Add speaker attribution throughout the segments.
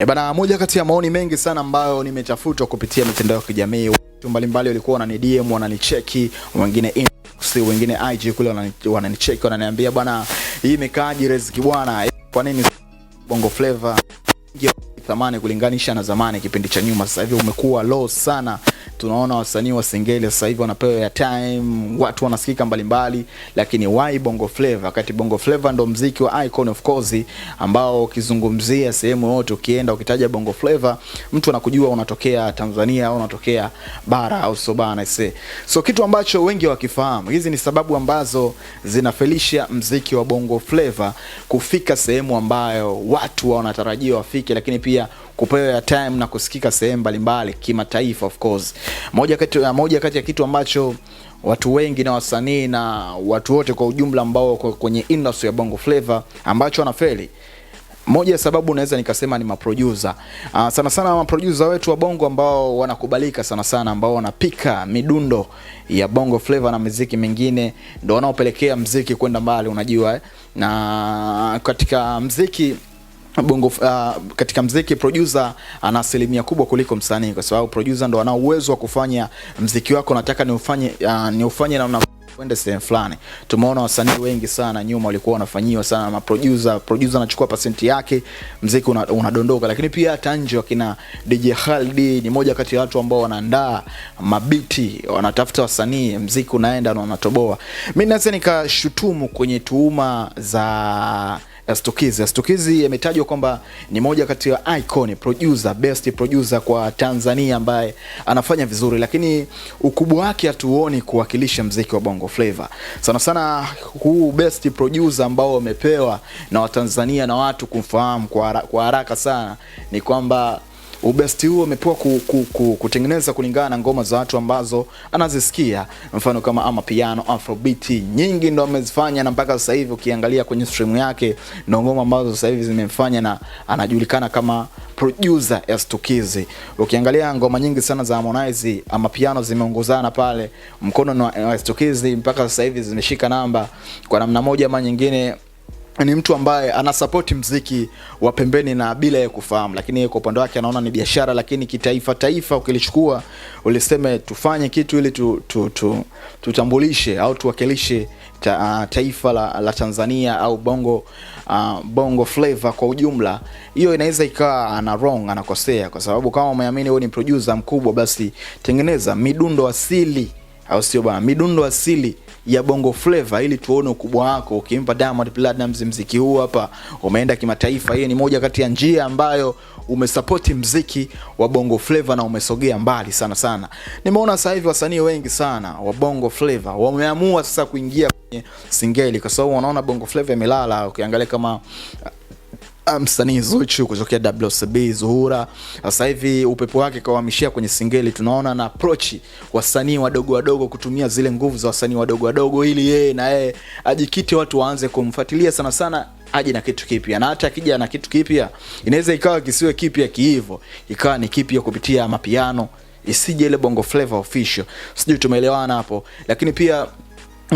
Speaker 1: E bana, moja kati ya maoni mengi sana ambayo nimechafutwa kupitia mitandao ya kijamii, watu mbalimbali walikuwa wanani DM wananicheki, wengine inbox, wengine IG kule wananicheki, wananiambia bwana, hii imekaaje Riziki bwana, eh, kwa nini Bongo Flava thamani kulinganisha na zamani, kipindi cha nyuma. Sasa hivi umekuwa low sana, tunaona wasanii wa singeli sasa hivi wanapewa ya time, watu wanasikika mbalimbali, lakini why bongo flava? Wakati bongo flava ndo mziki wa icon of course, ambao ukizungumzia sehemu yote, ukienda ukitaja bongo flava, mtu anakujua unatokea Tanzania au unatokea bara au so bana ise. So kitu ambacho wengi wakifahamu, hizi ni sababu ambazo zinafelisha mziki wa bongo flava kufika sehemu ambayo watu wanatarajia wafike, lakini pia pia kupewa ya time na kusikika sehemu mbalimbali kimataifa. Of course, moja kati ya moja kati ya kitu ambacho watu wengi na wasanii na watu wote kwa ujumla ambao kwenye industry ya Bongo Flava ambacho wanafeli moja ya sababu naweza nikasema ni maproducer. Uh, sana sana maproducer wetu wa Bongo ambao wanakubalika sana sana, ambao wanapika midundo ya Bongo Flava na miziki mingine, ndio wanaopelekea mziki kwenda mbali, unajua eh? na katika mziki Bongo uh, katika mziki producer ana asilimia kubwa kuliko msanii, kwa sababu producer ndo ana uwezo wa kufanya mziki wako nataka niufanye, uh, niufanye una kwenda sehemu fulani. Tumeona wasanii wengi sana nyuma walikuwa wanafanyiwa sana na producer, producer anachukua pasenti yake, mziki unadondoka una, lakini pia hata nje wakina DJ Khalid ni moja kati ya watu ambao wanaandaa mabiti, wanatafuta wasanii, mziki unaenda na unatoboa. Mimi naweza nikashutumu kwenye tuuma za Astokizi. Astokizi ametajwa kwamba ni moja kati ya icon producer, best producer kwa Tanzania ambaye anafanya vizuri, lakini ukubwa wake hatuoni kuwakilisha mziki wa Bongo Flava. Sana sana huu best producer ambao wamepewa na Watanzania na watu kumfahamu kwa haraka sana ni kwamba Ubesti huo amepewa ku, ku, ku, kutengeneza kulingana na ngoma za watu ambazo anazisikia, mfano kama ama piano, afrobeat nyingi ndo amezifanya, na mpaka sasa hivi ukiangalia kwenye stream yake ndo ngoma ambazo sasa hivi zimemfanya na anajulikana kama producer ya stukizi. Ukiangalia ngoma nyingi sana za Harmonize ama piano zimeongozana pale mkono na stukizi, mpaka sasa hivi zimeshika namba kwa namna moja ama nyingine ni mtu ambaye anasapoti mziki wa pembeni na bila yeye kufahamu, lakini yeye kwa upande wake anaona ni biashara. Lakini kitaifa taifa ukilichukua uliseme tufanye kitu ili tu, tu, tu, tutambulishe au tuwakilishe ta, uh, taifa la, la Tanzania au bongo uh, bongo flavor kwa ujumla, hiyo inaweza ikawa ana wrong, anakosea, kwa sababu kama umeamini wewe ni producer mkubwa, basi tengeneza midundo asili au sio bwana? Midundo asili ya bongo flavor, ili tuone ukubwa wako. Ukimpa Diamond Platnumz mziki huu hapa, umeenda kimataifa. Hiyo ni moja kati ya njia ambayo umesapoti mziki wa bongo flavor na umesogea mbali sana sana. Nimeona sasa hivi wasanii wengi sana wa bongo flavor wameamua sasa kuingia kwenye singeli, kwa sababu wanaona bongo flavor imelala. Ukiangalia kama Ah, msanii Zuchu kutokea WCB Zuhura, sasa hivi upepo wake kahamishia kwenye singeli. Tunaona na approach wasanii wadogo wadogo, kutumia zile nguvu za wasanii wadogo wadogo, ili yeye na yeye ajikite, watu waanze kumfuatilia sana sana aje na kitu kipya, na hata akija na kitu kipya inaweza ikawa kisiwe kipya kiivo, ikawa ni kipya kupitia mapiano, isije ile bongo flavor official. Sijui tumeelewana hapo, lakini pia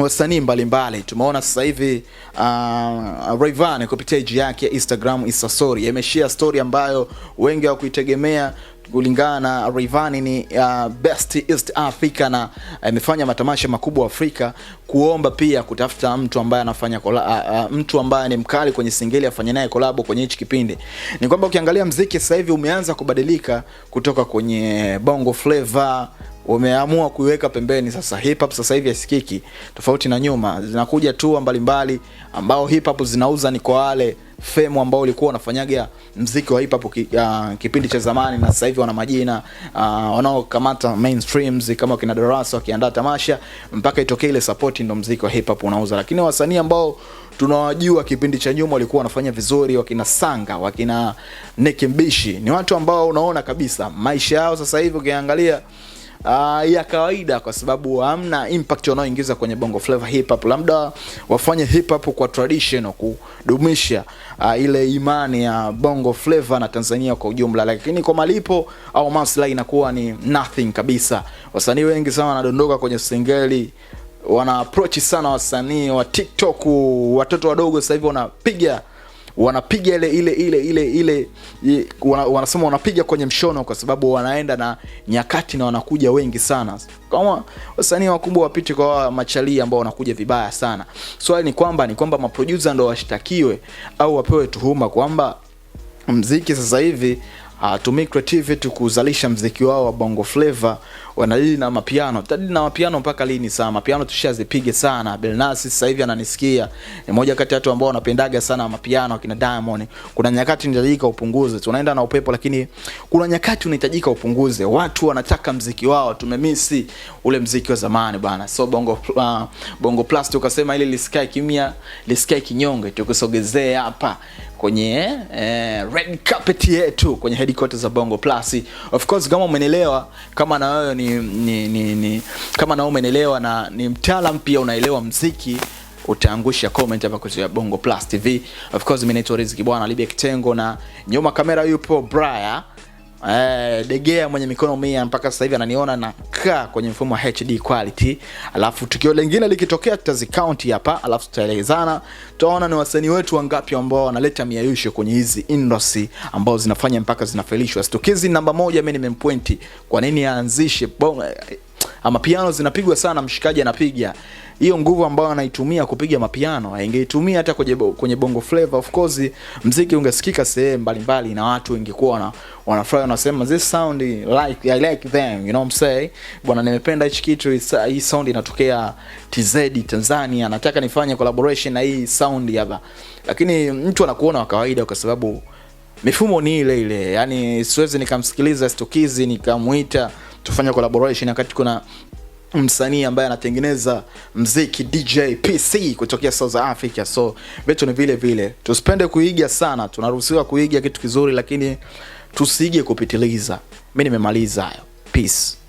Speaker 1: wasanii mbalimbali tumeona sasa hivi uh, Rayvanny kupitia page yake ya Instagram Insta story ameshare story ambayo wengi hawakuitegemea kulingana na Rayvanny ni uh, best East Africa na amefanya uh, matamasha makubwa Afrika, kuomba pia kutafuta mtu ambaye anafanya kola, uh, uh, mtu ambaye ni mkali kwenye singeli afanye naye collab kwenye hichi kipindi. Ni kwamba ukiangalia mziki sasa hivi umeanza kubadilika kutoka kwenye bongo flavor umeamua kuiweka pembeni sasa. Hip hop sasa hivi hasikiki tofauti na nyuma, zinakuja tu mbalimbali ambao hip hop zinauza ni kwa wale fame ambao ulikuwa unafanyaga mziki wa hip hop ki, uh, kipindi cha zamani na sasa hivi wana majina uh, wanaokamata mainstreams kama kina Darasa wakiandaa tamasha mpaka itokee ile support, ndo mziki wa hip hop unauza. Lakini wasanii ambao tunawajua kipindi cha nyuma walikuwa wanafanya vizuri, wakina Sanga, wakina Nekimbishi, ni watu ambao unaona kabisa maisha yao sasa hivi ukiangalia uh, ya kawaida, kwa sababu hamna impact wanaoingiza kwenye bongo flavor hip hop. Labda wafanye hip hop kwa traditional, kudumisha uh, ile imani ya bongo flavor na Tanzania kwa ujumla, lakini kwa malipo au maslahi inakuwa ni nothing kabisa. Wasanii wengi sana wanadondoka kwenye singeli wana approach sana wasanii wa TikTok. Watoto wadogo sasa hivi wanapiga wanapiga ile ile ile ile ile wana, wanasema wanapiga kwenye mshono, kwa sababu wanaenda na nyakati na wanakuja wengi sana, kama wasanii wakubwa wapite kwa machalii ambao wanakuja vibaya sana. Swali ni kwamba ni kwamba maproducer ndo washtakiwe au wapewe tuhuma kwamba mziki sasa hivi uh, ah, tumii creativity kuzalisha mziki wao wa bongo flavor. Wanadili na mapiano, tadili na mapiano mpaka lini? Sana mapiano tushazipige sana. Belnasi sasa hivi ananisikia, ni moja kati ya watu ambao wanapendaga sana mapiano, akina Diamond. Kuna nyakati unahitajika upunguze, tunaenda na upepo, lakini kuna nyakati unahitajika upunguze. Watu wanataka mziki wao, tumemisi ule mziki wa zamani bana. So bongo uh, bongo plus tukasema ili lisikae kimya, lisikae kinyonge, tukusogezee hapa kwenye eh, red carpet yetu kwenye headquarters za Bongo Plus. Of course kama umeelewa, kama na wewe ni, ni, ni, ni kama na wewe na ni mtaalamu pia unaelewa mziki utaangusha comment hapa kutoka Bongo Plus TV. Of course mimi naitwa Riziki bwana Libia Kitengo na nyuma kamera yupo Brian Eh, Degea mwenye mikono mia mpaka sasa hivi ananiona na kaa kwenye mfumo wa HD quality. Alafu tukio lingine likitokea tutazikaunti hapa, alafu tutaelezana, tutaona ni wasanii wetu wangapi ambao wanaleta miayusho kwenye hizi industry ambao zinafanya mpaka zinafelishwa. Stokizi namba moja, mimi nimempointi kwa nini aanzishe ama piano zinapigwa sana, mshikaji anapiga hiyo nguvu ambayo anaitumia kupiga mapiano aingeitumia hata kwenye, kwenye bongo flavor. Of course mziki ungesikika sehemu mbalimbali na watu wengekuwa wana wanafurahi, wanasema this sound like I like them, you know what I'm saying bwana, nimependa hichi kitu, hii sound inatokea TZ Tanzania, nataka nifanye collaboration na hii sound hapa, lakini mtu anakuona wa kawaida kwa sababu mifumo ni ile ile, yani siwezi nikamsikiliza Stokizi nikamuita tufanya collaboration wakati kuna msanii ambaye anatengeneza mziki DJ PC kutokea South Africa. So vitu ni vile vile, tusipende kuiga sana. Tunaruhusiwa kuiga kitu kizuri, lakini tusiige kupitiliza. Mimi nimemaliza hayo. Peace.